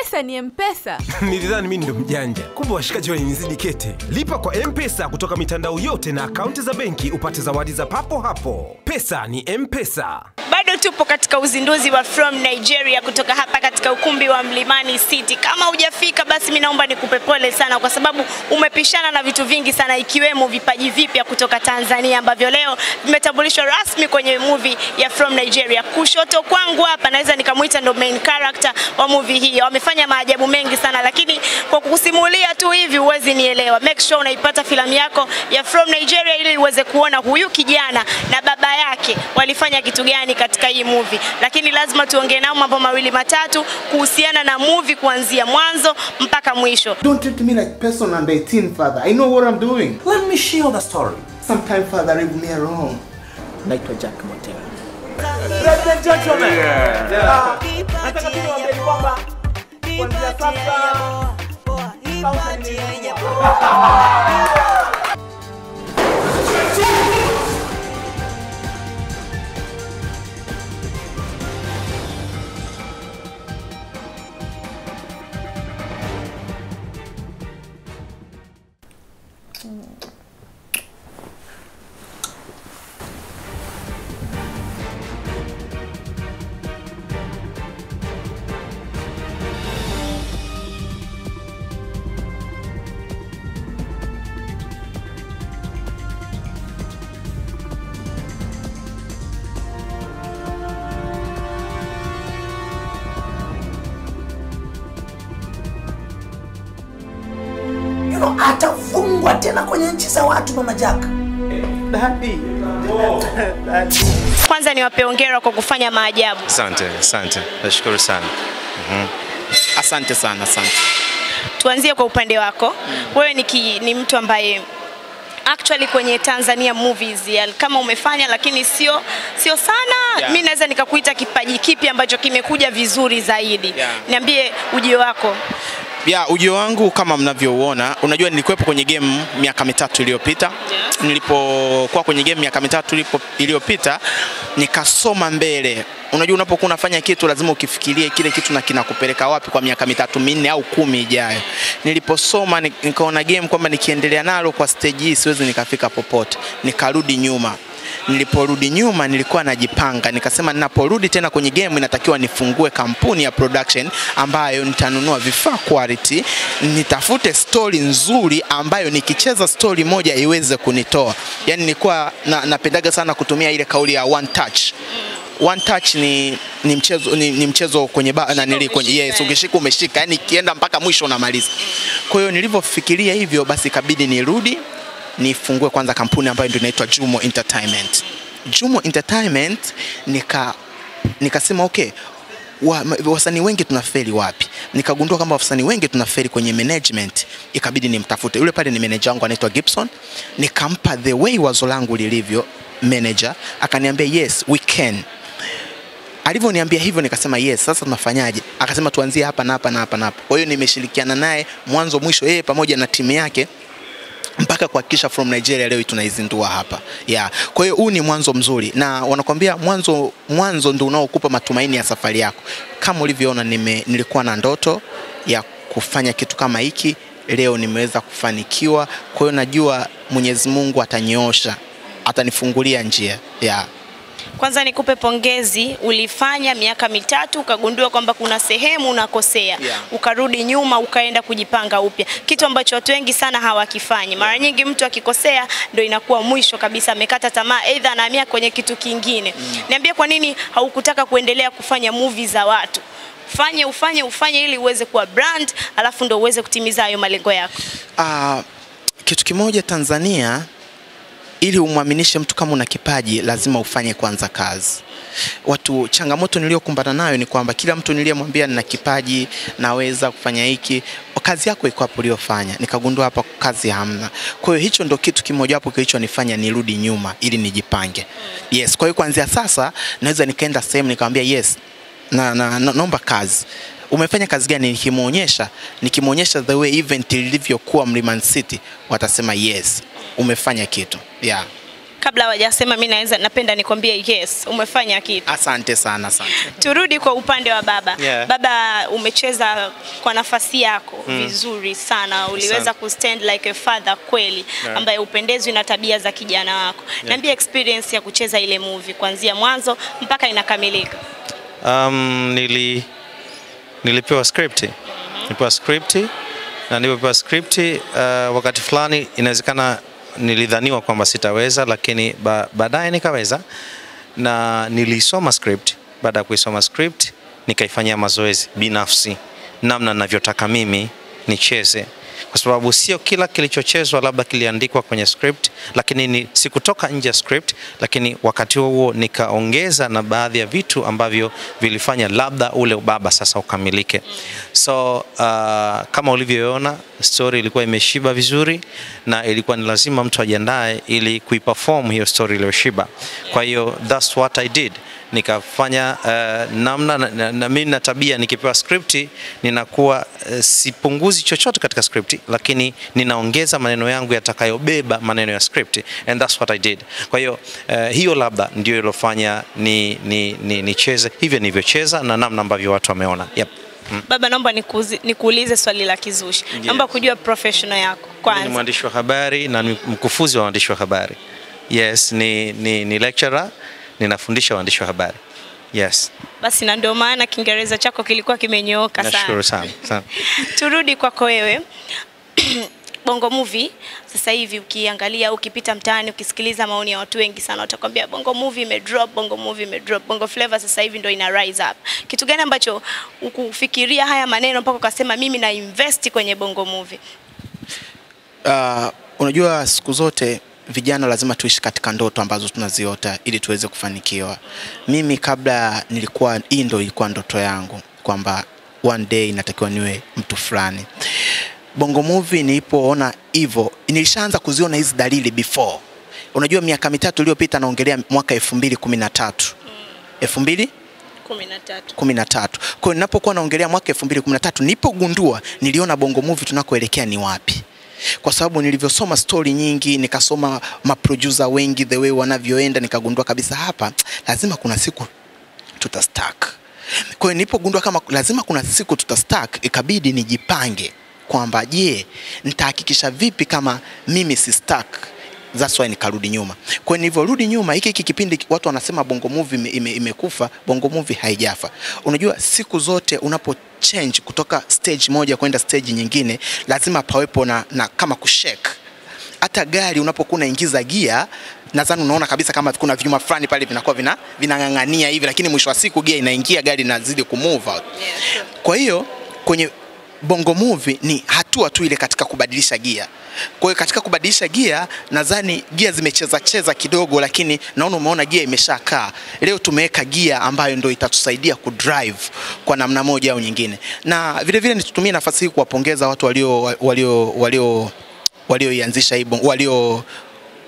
mpesa ni mpesa nilidhani mimi ndo mjanja kumbe washikaji wananizidi kete lipa kwa mpesa kutoka mitandao yote na akaunti za benki upate zawadi za papo hapo pesa ni mpesa bado tupo katika uzinduzi wa From Nigeria kutoka hapa katika ukumbi wa Mlimani City. Kama hujafika basi mimi naomba nikupe pole sana, kwa sababu umepishana na vitu vingi sana, ikiwemo vipaji vipya kutoka Tanzania ambavyo leo vimetambulishwa rasmi kwenye movie ya From Nigeria. Kushoto kwangu hapa naweza nikamwita ndo main character wa movie hii, amefanya maajabu mengi sana, lakini kwa kukusimulia tu hivi huwezi nielewa. Make sure unaipata filamu yako ya From Nigeria ili uweze kuona huyu kijana na baba yake walifanya kitu gani katika hii movie. Lakini lazima tuongee nao mambo mawili matatu kuhusiana na movie kuanzia mwanzo mpaka mwisho. Don't treat me like person under 18 father. I know what I'm doing. Let me share the story. Sometime father leave me alone. Naitwa Jack Motel. Ladies and gentlemen, yeah. yeah. uh, nataka pia kwamba Ipatia ya boa, boa, ipatia ya boa. you know, atafungwa tena kwenye nchi za watu mama Jack. Daddy. Oh. Kwanza niwape hongera kwa kufanya maajabu. Asante, asante. Nashukuru sana. Mm -hmm. Asante sana, asante. Tuanzie kwa upande wako. Mm. Wewe ni, ki, ni mtu ambaye actually kwenye Tanzania movies yani, kama umefanya lakini sio sio sana yeah. Mimi naweza nikakuita kipaji kipi ambacho kimekuja vizuri zaidi yeah. Niambie ujio wako ya ujio wangu kama mnavyouona, unajua nilikuwepo kwenye game miaka mitatu iliyopita yeah. Nilipokuwa kwenye game miaka mitatu iliyopita nikasoma mbele. Unajua, unapokuwa unafanya kitu lazima ukifikirie kile kitu na kinakupeleka wapi kwa miaka mitatu minne au kumi ijayo. Niliposoma nikaona game kwamba nikiendelea nalo kwa stage hii siwezi nikafika popote, nikarudi nyuma niliporudi nyuma nilikuwa najipanga, nikasema ninaporudi tena kwenye game inatakiwa nifungue kampuni ya production ambayo nitanunua vifaa quality, nitafute story nzuri ambayo nikicheza story moja iweze kunitoa. Yani nilikuwa na, napendaga sana kutumia ile kauli ya one touch one touch ni ni mchezo ni, ni mchezo kwenye ba, na nili kwenye yes, eh. ukishika umeshika, yani kienda mpaka mwisho unamaliza. Kwa hiyo nilivyofikiria hivyo, basi ikabidi nirudi nifungue kwanza kampuni ambayo ndio inaitwa Jumo Entertainment. Jumo Entertainment nika nikasema okay, wa, wasanii wengi tunafeli wapi? Nikagundua kama wasanii wengi tunafeli kwenye management, ikabidi nimtafute yule pale. Ni manager wangu anaitwa Gibson, nikampa the way wazo langu lilivyo. Manager akaniambia yes we can. Alivyoniambia hivyo nikasema yes, sasa tunafanyaje? Akasema tuanzie hapa na hapa na hapa na hapa. Kwa hiyo nimeshirikiana naye mwanzo mwisho, yeye pamoja na timu yake tunataka kuhakikisha from Nigeria leo tunaizindua hapa yeah. Kwa hiyo huu ni mwanzo mzuri, na wanakwambia mwanzo mwanzo ndio unaokupa matumaini ya safari yako. Kama ulivyoona, nilikuwa na ndoto ya kufanya kitu kama hiki, leo nimeweza kufanikiwa. Kwa hiyo najua Mwenyezi Mungu atanyoosha, atanifungulia njia yeah. Kwanza nikupe pongezi, ulifanya miaka mitatu ukagundua kwamba kuna sehemu unakosea yeah. ukarudi nyuma ukaenda kujipanga upya, kitu ambacho watu wengi sana hawakifanyi. Mara nyingi mtu akikosea ndo inakuwa mwisho kabisa, amekata tamaa, aidha anahamia kwenye kitu kingine. Mm. Niambie kwa nini haukutaka kuendelea kufanya movie za watu? Fanye ufanye ufanye ili uweze kuwa brand, alafu ndo uweze kutimiza hayo malengo yako. Uh, kitu kimoja Tanzania ili umwaminishe mtu kama una kipaji lazima ufanye kwanza kazi. Watu, changamoto niliyokumbana nayo ni kwamba kila mtu niliyemwambia nina kipaji, naweza kufanya hiki, kazi yako iko hapo uliyofanya, nikagundua hapa kazi hamna. Kwa hiyo hicho ndo kitu kimojawapo kilichonifanya nirudi nyuma ili nijipange. Yes, kwa hiyo kuanzia sasa naweza nikaenda sehemu nikamwambia yes, na, na, na, naomba kazi umefanya kazi gani? Nikimwonyesha nikimwonyesha the way event ilivyokuwa Mlimani City, watasema yes, umefanya kitu yeah. Kabla hawajasema mimi naweza napenda nikwambie yes, umefanya kitu. Asante sana, asante. Turudi kwa upande wa baba. Yeah. Baba, umecheza kwa nafasi yako mm. vizuri sana, uliweza ku stand like a father kweli yeah. ambaye upendezwi na tabia za kijana wako. Yeah. Niambie experience ya kucheza ile movie kuanzia mwanzo mpaka inakamilika. Um, nili nilipewa script, nilipewa script na nilipewa script uh, wakati fulani inawezekana nilidhaniwa kwamba sitaweza, lakini ba, baadaye nikaweza na nilisoma script. Baada ya kuisoma script nikaifanyia mazoezi binafsi, namna ninavyotaka mimi nicheze kwa sababu sio kila kilichochezwa labda kiliandikwa kwenye script, lakini ni sikutoka nje ya script, lakini wakati huo huo nikaongeza na baadhi ya vitu ambavyo vilifanya labda ule ubaba sasa ukamilike. So uh, kama ulivyoona story ilikuwa imeshiba vizuri, na ilikuwa ni lazima mtu ajiandae ili kuiperform hiyo story iliyoshiba. Kwa hiyo that's what I did nikafanya uh, namna na, na, na mimi na tabia nikipewa script ninakuwa uh, sipunguzi chochote katika script lakini ninaongeza maneno yangu yatakayobeba maneno ya script and that's what I did. Kwa hiyo uh, hiyo labda ndio ilofanya nicheze ni, ni, ni hivyo nilivyocheza na namna ambavyo watu wameona yep. Hmm. Baba, naomba nikuulize ni swali la kizushi. Yes. Naomba kujua professional yako kwanza. Ni mwandishi wa habari na ni mkufuzi wa waandishi wa habari. Yes, ni, ni, ni lecturer, ninafundisha waandishi wa habari. Yes. Basi na ndio maana Kiingereza chako kilikuwa kimenyooka sana. Nashukuru sana. sana. Turudi kwako wewe. Bongo Movie sasa hivi ukiangalia, ukipita mtaani, ukisikiliza maoni ya watu wengi sana, watakwambia Bongo Movie imedrop, Bongo Movie imedrop, Bongo Flavor sasa hivi ndo ina rise up. Kitu gani ambacho ukufikiria haya maneno mpaka ukasema mimi na invest kwenye Bongo Movie? Uh, unajua siku zote vijana lazima tuishi katika ndoto ambazo tunaziota ili tuweze kufanikiwa. Mimi kabla nilikuwa, hii ndo ilikuwa ndoto yangu kwamba one day natakiwa niwe mtu fulani Bongo Movie nilipoona hivyo, nilishaanza kuziona hizi dalili before. Unajua miaka mitatu iliyopita, naongelea mwaka 2013. Mm. 2013. Kwa hiyo ninapokuwa naongelea mwaka 2013 nilipogundua, niliona Bongo Movie tunakoelekea ni wapi kwa sababu nilivyosoma story nyingi, nikasoma maproducer wengi the way wanavyoenda, nikagundua kabisa hapa lazima kuna siku tutastack. Kwa hiyo nilipogundua kama lazima kuna siku tutastack, ikabidi nijipange kwamba je, nitahakikisha vipi kama mimi si stuck that's why nikarudi nyuma. Kwa hiyo nilivyorudi nyuma, hiki hiki kipindi watu wanasema Bongo Movie ime, ime, Bongo Movie haijafa. Unajua siku zote unapo change kutoka stage moja kwenda stage nyingine, lazima pawepo na, na kama kushake hata gari unapokuwa unaingiza gia nadhani unaona kabisa kama kuna vyuma fulani pale vinakuwa vina vinang'ang'ania hivi, lakini mwisho wa siku gia inaingia, gari inazidi kumove out. Kwa hiyo kwenye Bongo Movie ni hatua tu ile katika kubadilisha gia. Kwa hiyo katika kubadilisha gia, nadhani gia zimecheza cheza kidogo, lakini naona umeona gia imeshakaa. Leo tumeweka gia ambayo ndio itatusaidia drive kwa namna moja au nyingine, na vilevile nitutumie nafasi hii kuwapongeza watu walio walio walio walioianzisha hii walio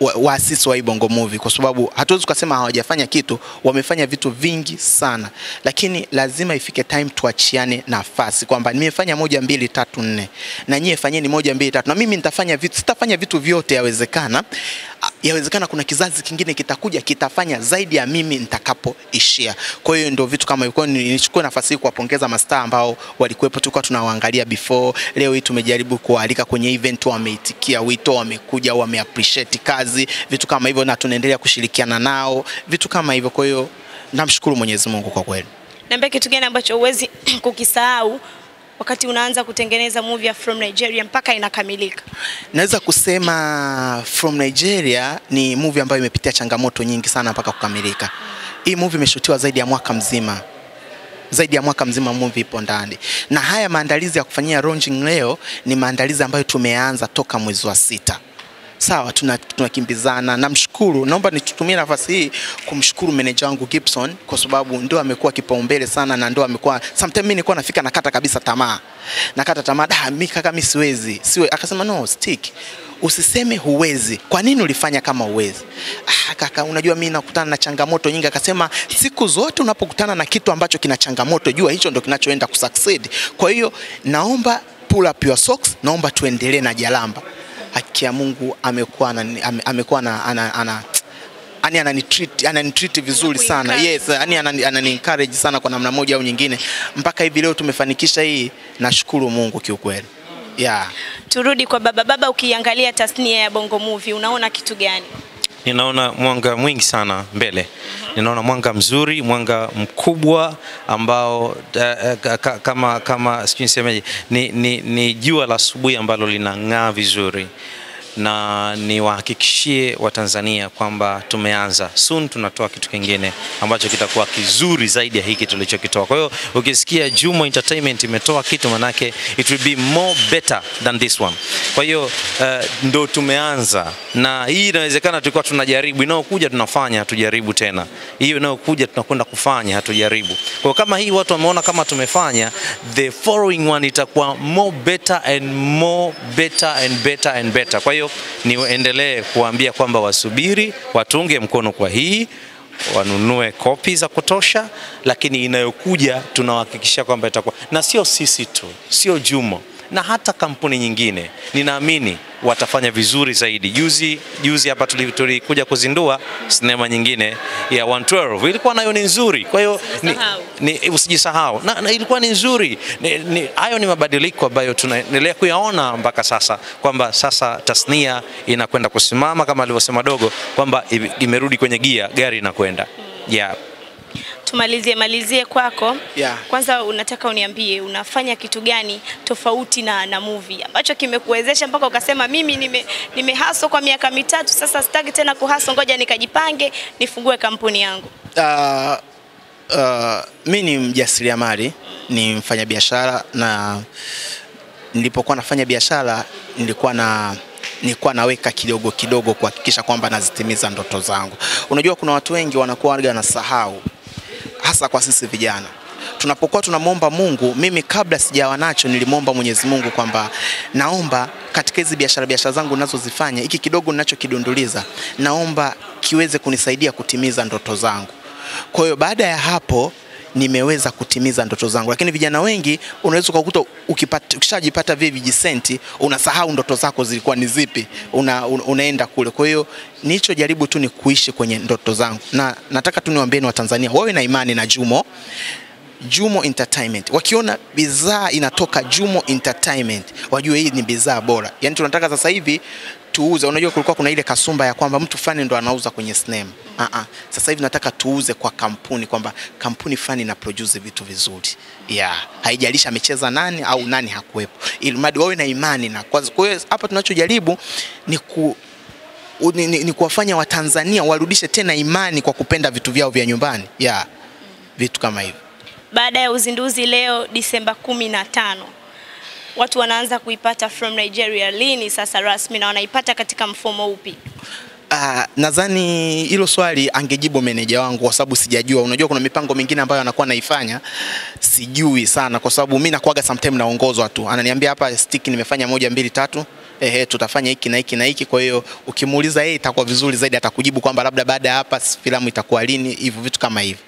waasisi wa, wa Ibongo Movie, kwa sababu hatuwezi kusema hawajafanya kitu, wamefanya vitu vingi sana, lakini lazima ifike time tuachiane nafasi kwamba nimefanya moja mbili tatu nne na nyie fanyeni moja mbili tatu, na mimi nitafanya vitu, sitafanya vitu vyote yawezekana yawezekana kuna kizazi kingine kitakuja kitafanya zaidi ya mimi nitakapoishia. Kwa hiyo ndio vitu kama hivyo. Nichukue nafasi hii kuwapongeza mastaa ambao walikuwepo, tulikuwa tunawaangalia before. Leo hii tumejaribu kuwaalika kwenye event, wameitikia wito, wamekuja, wameappreciate kazi, vitu kama hivyo, na tunaendelea kushirikiana nao, vitu kama hivyo. Kwa hiyo namshukuru Mwenyezi Mungu kwa kweli. Niambie kitu gani ambacho huwezi kukisahau wakati unaanza kutengeneza movie ya From Nigeria mpaka inakamilika? Naweza kusema From Nigeria ni movie ambayo imepitia changamoto nyingi sana mpaka kukamilika. Hii movie imeshutiwa zaidi ya mwaka mzima zaidi ya mwaka mzima movie ipo ndani, na haya maandalizi ya kufanyia launching leo ni maandalizi ambayo tumeanza toka mwezi wa sita sawa, tunakimbizana. tuna Namshukuru, naomba nitumie nafasi hii kumshukuru meneja wangu Gibson kwa sababu ndio amekuwa kipaumbele sana na ndio amekuwa sometimes mimi nilikuwa nafika nakata kabisa tamaa, nakata tamaa, da, mimi kaka, mimi siwezi, siwe. Akasema no, stick usiseme huwezi. Kwa nini ulifanya kama huwezi? Ah, kaka, unajua mimi nakutana na changamoto nyingi. Akasema siku zote unapokutana na kitu ambacho kina changamoto, jua hicho ndio kinachoenda kusucceed. Kwa hiyo naomba pull up your socks, naomba tuendelee na Jalamba haki ya Mungu amekuwa ame, amekuwa na ana, ana, yani ananitreat ananitreat vizuri sana yes, yani anani, anani encourage sana kwa namna moja au nyingine, mpaka hivi leo tumefanikisha hii, nashukuru Mungu kiukweli. Yeah. Turudi kwa baba. Baba, ukiangalia tasnia ya Bongo Movie unaona kitu gani? ninaona mwanga mwingi sana mbele. Ninaona mwanga mzuri, mwanga mkubwa ambao uh, kama kama sijui nisemeje, ni, ni, ni jua la asubuhi ambalo linang'aa vizuri na niwahakikishie Watanzania kwamba tumeanza soon, tunatoa kitu kingine ambacho kitakuwa kizuri zaidi ya hiki tulichokitoa. Kwa hiyo ukisikia Jumo Entertainment imetoa kitu, manake it will be more better than this one. Kwa hiyo uh, ndo tumeanza, na hii inawezekana tulikuwa tunajaribu, inayokuja tunafanya, hatujaribu tena, hiyo inayokuja tunakwenda kufanya, hatujaribu. Kwa kama hii watu wameona kama tumefanya, the following one itakuwa more better and more better and better and better. Kwa hiyo hayo, niendelee kuwaambia kwamba wasubiri, watunge mkono kwa hii wanunue kopi za kutosha, lakini inayokuja tunawahakikishia kwamba itakuwa na, sio sisi tu, sio Jumo, na hata kampuni nyingine ninaamini watafanya vizuri zaidi. Juzi juzi hapa tulikuja kuzindua sinema nyingine ya 112 ilikuwa nayo ni nzuri, kwa hiyo usijisahau na, na ilikuwa ni nzuri. Hayo ni, ni mabadiliko ambayo tunaendelea kuyaona mpaka sasa, kwamba sasa tasnia inakwenda kusimama kama alivyosema Dogo kwamba imerudi kwenye gia, gari inakwenda yeah tumalizie malizie kwako yeah. Kwanza unataka uniambie unafanya kitu gani tofauti na, na movie ambacho kimekuwezesha mpaka ukasema mimi nime, nime haso kwa miaka mitatu sasa sitaki tena kuhaso, ngoja nikajipange nifungue kampuni yangu. Uh, uh, mi ni mjasiriamali, ni mfanyabiashara na nilipokuwa nafanya biashara nilikuwa na nilikuwa naweka kidogo kidogo kuhakikisha kwamba nazitimiza ndoto zangu. Unajua kuna watu wengi wanakuwa wanasahau hasa kwa sisi vijana tunapokuwa tunamwomba Mungu, mimi kabla sijawa nacho nilimwomba Mwenyezi Mungu kwamba naomba katika hizi biashara biashara zangu ninazozifanya, hiki kidogo ninachokidunduliza, naomba kiweze kunisaidia kutimiza ndoto zangu. Kwa hiyo baada ya hapo nimeweza kutimiza ndoto zangu. Lakini vijana wengi unaweza ukakuta ukishajipata vile vijisenti unasahau ndoto zako zilikuwa ni zipi, una, un, unaenda kule. Kwa hiyo nilichojaribu tu ni kuishi kwenye ndoto zangu, na nataka tu niwaambieni Watanzania wawe na imani na Jumo Jumo Entertainment. Wakiona bidhaa inatoka Jumo Entertainment, wajue hii ni bidhaa bora. Yaani tunataka sasa hivi tuuze. Unajua kulikuwa kuna ile kasumba ya kwamba mtu fulani ndo anauza kwenye sinema. Uh Sasa hivi nataka tuuze kwa kampuni kwamba kampuni fulani ina produce vitu vizuri. Yeah. Haijalisha amecheza nani au nani hakuwepo. Ili mradi wawe na imani na kwa hiyo hapa tunachojaribu ni ku ni, ni, ni kuwafanya Watanzania warudishe tena imani kwa kupenda vitu vyao vya nyumbani. Yeah. Vitu kama hivyo. Baada ya uzinduzi leo Disemba kumi na tano watu wanaanza kuipata from Nigeria lini sasa rasmi na wanaipata katika mfumo upi? Uh, nadhani hilo swali angejibu meneja wangu kwa sababu sijajua. Unajua kuna mipango mingine ambayo anakuwa naifanya sijui sana, kwa sababu mimi nakuaga sometime naongozwa tu, ananiambia hapa stick, nimefanya moja mbili tatu ehe, tutafanya hiki na hiki na hiki. Kwa hiyo ukimuuliza yeye itakuwa vizuri zaidi, atakujibu kwamba labda baada ya hapa filamu itakuwa lini, hivyo vitu kama hivyo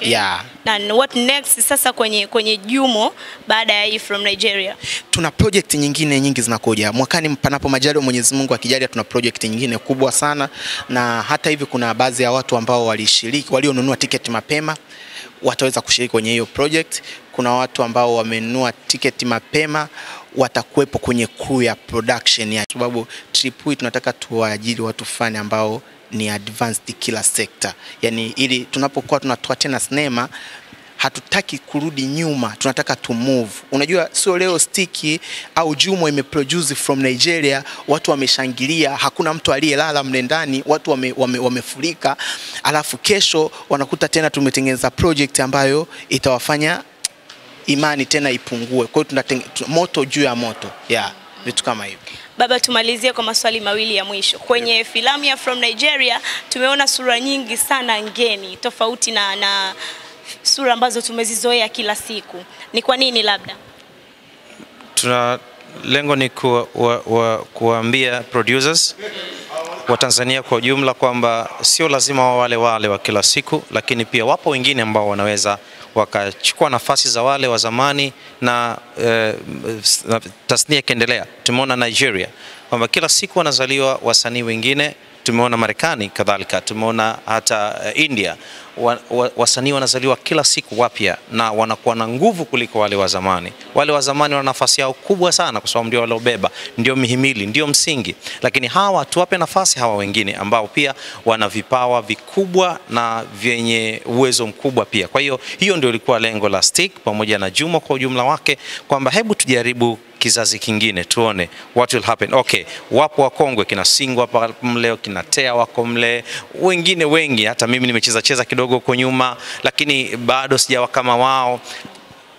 okay. yeah. na what next sasa kwenye, kwenye Jumo baada ya hii from Nigeria? Tuna project nyingine nyingi zinakuja mwakani, panapo wa Mwenyezi Mungu akijalia, tuna project nyingine kubwa sana, na hata hivi kuna baadhi ya watu ambao walishiriki walionunua tiketi mapema wataweza kushiriki kwenye hiyo project. Kuna watu ambao wamenunua tiketi mapema watakuwepo kwenye crew ya production ya sababu trip hii tunataka tuwaajiri watu fani ambao ni advanced kila sekta, yani ili tunapokuwa tunatoa tena sinema hatutaki kurudi nyuma, tunataka to move. Unajua, sio leo stiki au Jumo imeproduce from Nigeria, watu wameshangilia, hakuna mtu aliyelala mle ndani, watu wame, wame, wamefurika, alafu kesho wanakuta tena tumetengeneza project ambayo itawafanya imani tena ipungue. Kwa hiyo tuna moto juu ya moto yeah, vitu kama hivyo. Baba, tumalizie kwa maswali mawili ya mwisho. Kwenye filamu ya From Nigeria tumeona sura nyingi sana ngeni, tofauti na, na sura ambazo tumezizoea kila siku. Ni kwa nini labda? Tuna lengo ni kuwaambia producers wa Tanzania kwa ujumla kwamba sio lazima wa wale wale wa kila siku, lakini pia wapo wengine ambao wanaweza wakachukua nafasi za wale wa zamani na e, tasnia ikaendelea. Tumeona Nigeria kwamba kila siku wanazaliwa wasanii wengine tumeona Marekani kadhalika, tumeona hata eh, India wasanii wa, wasanii wanazaliwa kila siku wapya na wanakuwa na nguvu kuliko wale wa zamani. Wale wa zamani wana nafasi yao kubwa sana, kwa sababu ndio waliobeba, ndio mihimili, ndio msingi, lakini hawa tuwape nafasi hawa wengine ambao pia wana vipawa vikubwa na vyenye uwezo mkubwa pia. Kwa hiyo hiyo ndio ilikuwa lengo la Stick pamoja na Juma kwa ujumla wake, kwamba hebu tujaribu kizazi kingine, tuone what will happen. Okay, wapo wakongwe kina Singwa hapa mle, kina Tea wako mle, wengine wengi, hata mimi nimecheza cheza kidogo huko nyuma, lakini bado sijawa kama wao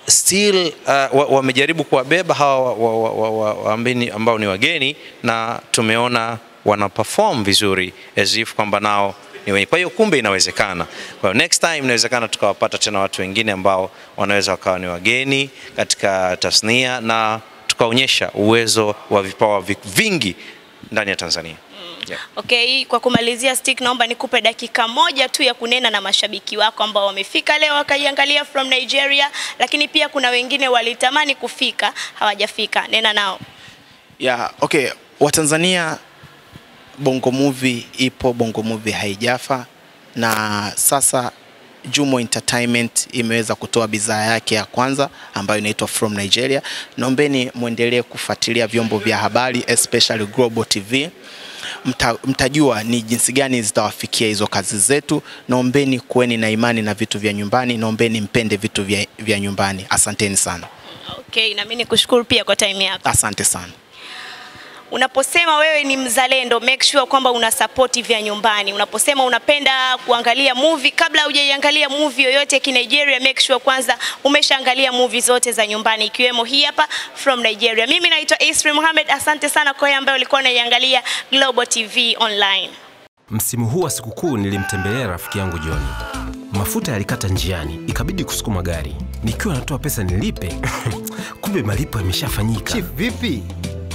still uh, wamejaribu wa kuwabeba hawa wa, wa, wa, wa, wa ambini, ambao ni wageni na tumeona wana perform vizuri as if kwamba nao ni wenye. Kwa hiyo kumbe inawezekana. Kwa hiyo next time inawezekana tukawapata tena watu wengine ambao wanaweza wakawa ni wageni katika tasnia na tukaonyesha uwezo wa vipawa vingi ndani ya Tanzania. Mm. Yeah. Okay, kwa kumalizia Stick, naomba nikupe dakika moja tu ya kunena na mashabiki wako ambao wamefika leo wakaiangalia from Nigeria, lakini pia kuna wengine walitamani kufika hawajafika. Nena nao. Yeah, okay. Watanzania, Bongo Movie ipo, Bongo Movie haijafa, na sasa Jumo Entertainment imeweza kutoa bidhaa yake ya kwanza ambayo inaitwa From Nigeria. Naombeni mwendelee kufuatilia vyombo vya habari especially Global TV. Mta, mtajua ni jinsi gani zitawafikia hizo kazi zetu. Naombeni kuweni na imani na vitu vya nyumbani, naombeni mpende vitu vya, vya nyumbani. Asanteni sana. Okay, na mimi nikushukuru pia kwa time yako. Asante sana. Unaposema wewe ni mzalendo, make sure kwamba una support vya nyumbani. Unaposema unapenda kuangalia movie, kabla hujaiangalia movie yoyote ya Nigeria, make sure kwanza umeshaangalia movie zote za nyumbani ikiwemo hii hapa From Nigeria. Mimi naitwa Isri Mohamed, asante sana kwa yeye ambaye ulikuwa unaiangalia Global TV Online. Msimu huu wa sikukuu nilimtembelea rafiki yangu John. Mafuta yalikata njiani, ikabidi kusukuma gari. Nikiwa natoa pesa nilipe, kumbe malipo yameshafanyika. Chief, vipi?